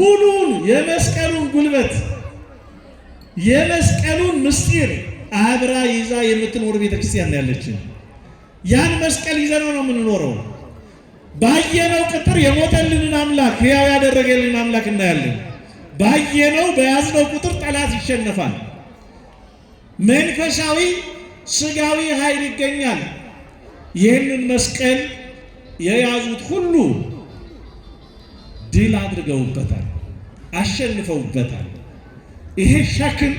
ሙሉውን የመስቀሉን ጉልበት የመስቀሉን ምስጢር አብራ ይዛ የምትኖር ቤተክርስቲያን ነው ያለችን። ያን መስቀል ይዘነው ነው የምንኖረው። ባየነው ቁጥር የሞተልንን አምላክ ሕያው ያደረገልንን አምላክ እናያለን። ባየነው በያዝነው ቁጥር ጠላት ይሸነፋል። መንፈሳዊ ስጋዊ ኃይል ይገኛል። ይህንን መስቀል የያዙት ሁሉ ድል አድርገውበታል፣ አሸንፈውበታል። ይሄ ሸክም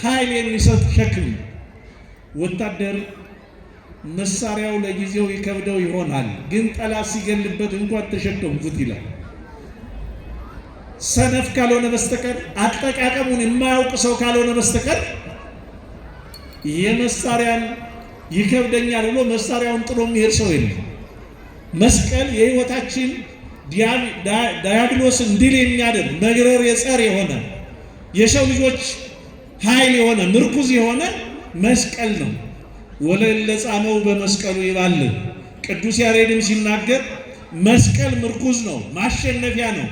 ኃይል የሚሰጥ ሸክም። ወታደር መሳሪያው ለጊዜው ይከብደው ይሆናል፣ ግን ጠላት ሲገልበት እንኳን ተሸከምኩት ይላል። ሰነፍ ካልሆነ በስተቀር አጠቃቀሙን የማያውቅ ሰው ካልሆነ በስተቀር የመሳሪያን ይከብደኛል ብሎ መሳሪያውን ጥሎ የሚሄድ ሰው የለም። መስቀል የሕይወታችን ዲያብሎስን ድል የሚያደርግ መግረር የጸር የሆነ የሰው ልጆች ኃይል የሆነ ምርኩዝ የሆነ መስቀል ነው። ወለለጻመው በመስቀሉ ይባል ቅዱስ ያሬድም ሲናገር መስቀል ምርኩዝ ነው፣ ማሸነፊያ ነው።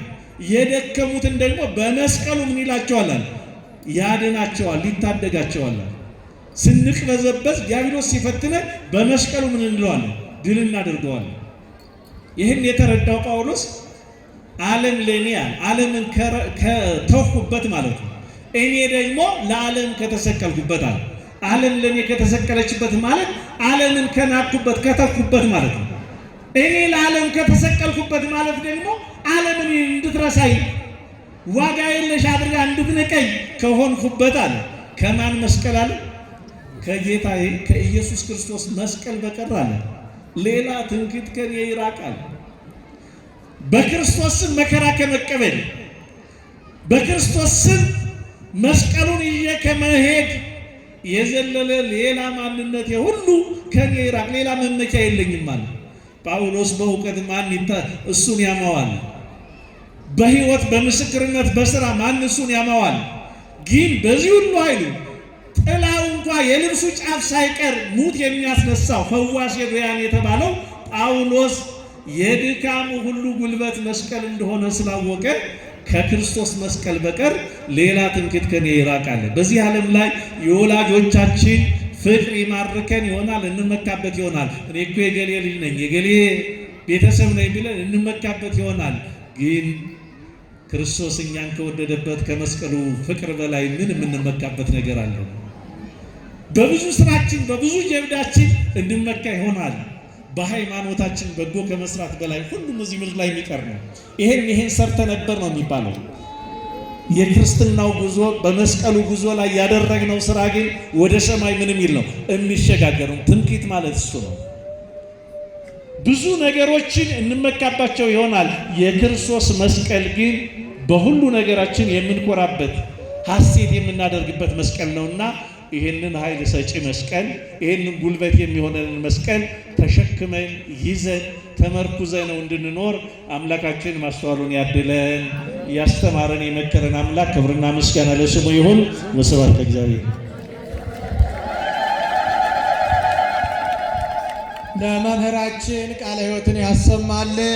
የደከሙትን ደግሞ በመስቀሉ ምን ይላቸዋል? ያድናቸዋል፣ ይታደጋቸዋል። ስንቅበዘበዝ ዲያብሎስ ሲፈትነ በመስቀሉ ምን እንለዋለን? ድል እናደርገዋለን። ይህን የተረዳው ጳውሎስ ዓለም ለእኔ አለ ዓለምን ከተውኩበት ማለት ነው። እኔ ደግሞ ለዓለም ከተሰቀልኩበት አለ። ዓለም ለእኔ ከተሰቀለችበት ማለት ዓለምን ከናኩበት ከተኩበት ማለት ነው። እኔ ለዓለም ከተሰቀልኩበት ማለት ደግሞ ዓለምን እንድትረሳይ ዋጋ የለሽ አድርጋ እንድትንቀኝ ከሆንኩበት አለ። ከማን መስቀል አለ? ከጌታ ከኢየሱስ ክርስቶስ መስቀል በቀር አለ ሌላ ትንክት ከኔ ይራቃል። በክርስቶስ ስም መከራ ከመቀበል በክርስቶስ ስም መስቀሉን ይዤ ከመሄድ የዘለለ ሌላ ማንነት የሁሉ ከኔ ይራቅ፣ ሌላ መመኪያ የለኝም አለ ጳውሎስ። በእውቀት ማን እሱን ያማዋል? በህይወት በምስክርነት በስራ ማን እሱን ያማዋል? ግን በዚህ ሁሉ ኃይሉ ጥላ የልብሱ ጫፍ ሳይቀር ሙት የሚያስነሳው ፈዋሽ የጎያን የተባለው ጳውሎስ የድካሙ ሁሉ ጉልበት መስቀል እንደሆነ ስላወቀ ከክርስቶስ መስቀል በቀር ሌላ ትምክህት ከኔ ይራቃል። በዚህ ዓለም ላይ የወላጆቻችን ፍቅር ይማርከን ይሆናል፣ እንመካበት ይሆናል። እኔ እኮ የገሌ ልጅ ነኝ፣ የገሌ ቤተሰብ ነኝ ብለን እንመካበት ይሆናል። ግን ክርስቶስ እኛን ከወደደበት ከመስቀሉ ፍቅር በላይ ምን የምንመካበት ነገር አለው? በብዙ ስራችን በብዙ ጀብዳችን እንድንመካ ይሆናል። በሃይማኖታችን በጎ ከመስራት በላይ ሁሉም እዚህ ምድር ላይ የሚቀር ነው። ይሄን ይሄን ሰርተ ነበር ነው የሚባለው። የክርስትናው ጉዞ በመስቀሉ ጉዞ ላይ ያደረግነው ስራ ግን ወደ ሰማይ ምን የሚል ነው የሚሸጋገረው። ትምክህት ማለት እሱ ነው። ብዙ ነገሮችን እንመካባቸው ይሆናል። የክርስቶስ መስቀል ግን በሁሉ ነገራችን የምንኮራበት ሐሴት የምናደርግበት መስቀል ነውና ይህንን ኃይል ሰጪ መስቀል ይህንን ጉልበት የሚሆነንን መስቀል ተሸክመን ይዘን ተመርኩዘን ነው እንድንኖር አምላካችን ማስተዋሉን ያድለን። ያስተማረን የመከረን አምላክ ክብርና ምስጋና ለስሙ ይሁን። ወስብሐት ለእግዚአብሔር። ለመምህራችን ቃለ ሕይወትን ያሰማልን።